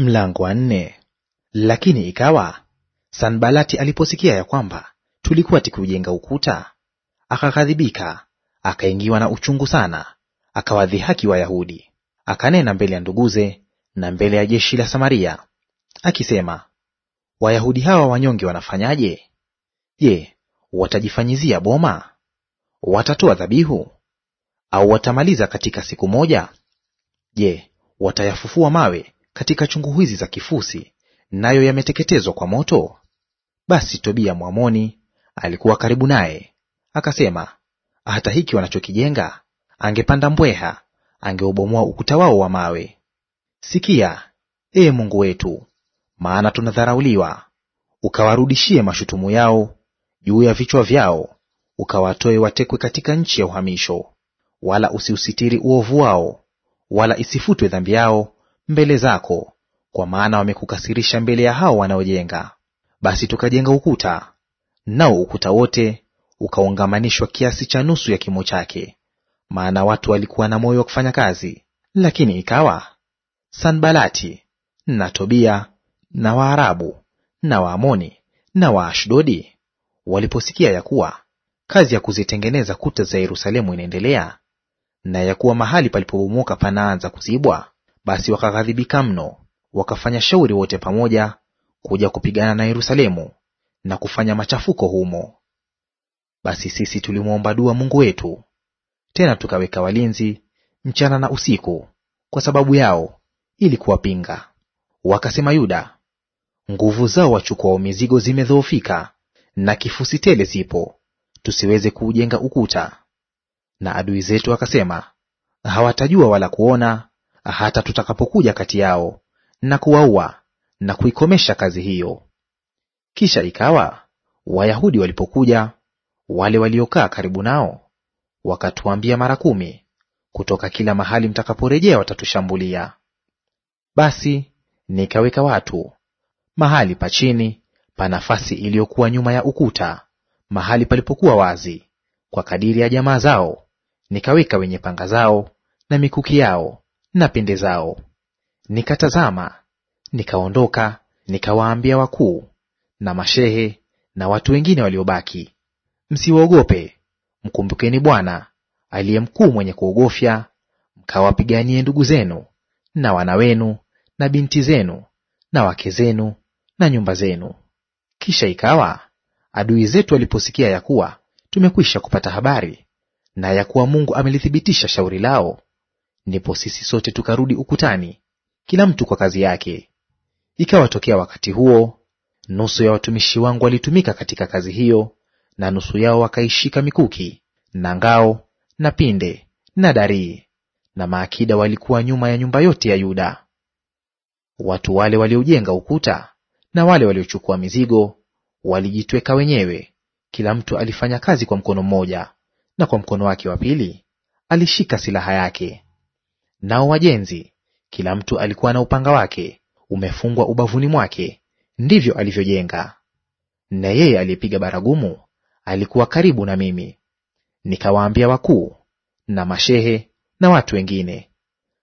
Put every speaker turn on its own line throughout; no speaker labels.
Mlango wa nne. Lakini ikawa Sanbalati aliposikia ya kwamba tulikuwa tukiujenga ukuta, akakadhibika, akaingiwa na uchungu sana, akawadhihaki Wayahudi. Akanena mbele ya nduguze na mbele ya jeshi la Samaria akisema, Wayahudi hawa wanyonge wanafanyaje? Je, watajifanyizia boma? Watatoa dhabihu? Au watamaliza katika siku moja? Je, watayafufua mawe katika chungu hizi za kifusi, nayo yameteketezwa kwa moto? Basi Tobia Mwamoni alikuwa karibu naye, akasema, hata hiki wanachokijenga, angepanda mbweha, angeubomoa ukuta wao wa mawe. Sikia, ee Mungu wetu, maana tunadharauliwa; ukawarudishie mashutumu yao juu ya vichwa vyao, ukawatoe watekwe katika nchi ya uhamisho. Wala usiusitiri uovu wao, wala isifutwe dhambi yao mbele zako, kwa maana wamekukasirisha mbele ya hao wanaojenga. Basi tukajenga ukuta, nao ukuta wote ukaungamanishwa kiasi cha nusu ya kimo chake, maana watu walikuwa na moyo wa kufanya kazi. Lakini ikawa Sanbalati na Tobia na Waarabu na Waamoni na Waashdodi waliposikia ya kuwa kazi ya kuzitengeneza kuta za Yerusalemu inaendelea na ya kuwa mahali palipobomoka panaanza kuzibwa, basi wakaghadhibika mno, wakafanya shauri wote pamoja kuja kupigana na Yerusalemu na kufanya machafuko humo. Basi sisi tulimwomba dua Mungu wetu, tena tukaweka walinzi mchana na usiku kwa sababu yao, ili kuwapinga. Wakasema Yuda, nguvu zao wachukuao mizigo zimedhoofika, na kifusi tele zipo, tusiweze kuujenga ukuta. Na adui zetu wakasema hawatajua wala kuona hata tutakapokuja kati yao na kuwaua na kuikomesha kazi hiyo. Kisha ikawa Wayahudi walipokuja, wale waliokaa karibu nao wakatuambia mara kumi, kutoka kila mahali mtakaporejea watatushambulia. Basi nikaweka watu mahali pa chini pa nafasi iliyokuwa nyuma ya ukuta, mahali palipokuwa wazi, kwa kadiri ya jamaa zao, nikaweka wenye panga zao na mikuki yao na zao. Nikatazama, nikaondoka, nikawaambia wakuu na mashehe na watu wengine waliobaki, msiwaogope, mkumbukeni Bwana aliye mkuu mwenye kuogofya, mkawapiganie ndugu zenu na wana wenu na binti zenu na wake zenu na nyumba zenu. Kisha ikawa adui zetu waliposikia ya kuwa tumekwisha kupata habari na ya kuwa Mungu amelithibitisha shauri lao, ndipo sisi sote tukarudi ukutani, kila mtu kwa kazi yake. Ikawa tokea wakati huo, nusu ya watumishi wangu walitumika katika kazi hiyo, na nusu yao wakaishika mikuki na ngao na pinde na darii, na maakida walikuwa nyuma ya nyumba yote ya Yuda. Watu wale waliojenga ukuta na wale waliochukua mizigo walijitweka wenyewe, kila mtu alifanya kazi kwa mkono mmoja, na kwa mkono wake wa pili alishika silaha yake. Nao wajenzi, kila mtu alikuwa na upanga wake umefungwa ubavuni mwake, ndivyo alivyojenga. Na yeye aliyepiga baragumu alikuwa karibu na mimi. Nikawaambia wakuu na mashehe na watu wengine,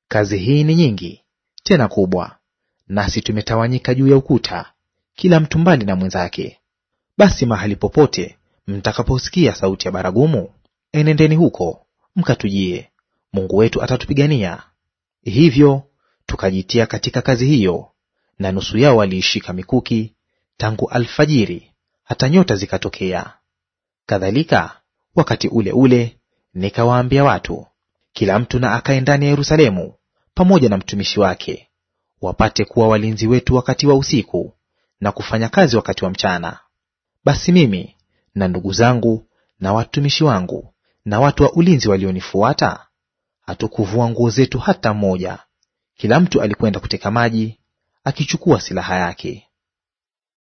kazi hii ni nyingi tena kubwa, nasi tumetawanyika juu ya ukuta, kila mtu mbali na mwenzake. Basi mahali popote mtakaposikia sauti ya baragumu, enendeni huko mkatujie, Mungu wetu atatupigania. Hivyo tukajitia katika kazi hiyo, na nusu yao waliishika mikuki tangu alfajiri hata nyota zikatokea. Kadhalika wakati ule ule nikawaambia watu, kila mtu na akae ndani ya Yerusalemu pamoja na mtumishi wake, wapate kuwa walinzi wetu wakati wa usiku na kufanya kazi wakati wa mchana. Basi mimi na ndugu zangu na watumishi wangu na watu wa ulinzi walionifuata hatukuvua nguo zetu hata moja. Kila mtu alikwenda kuteka maji akichukua silaha yake.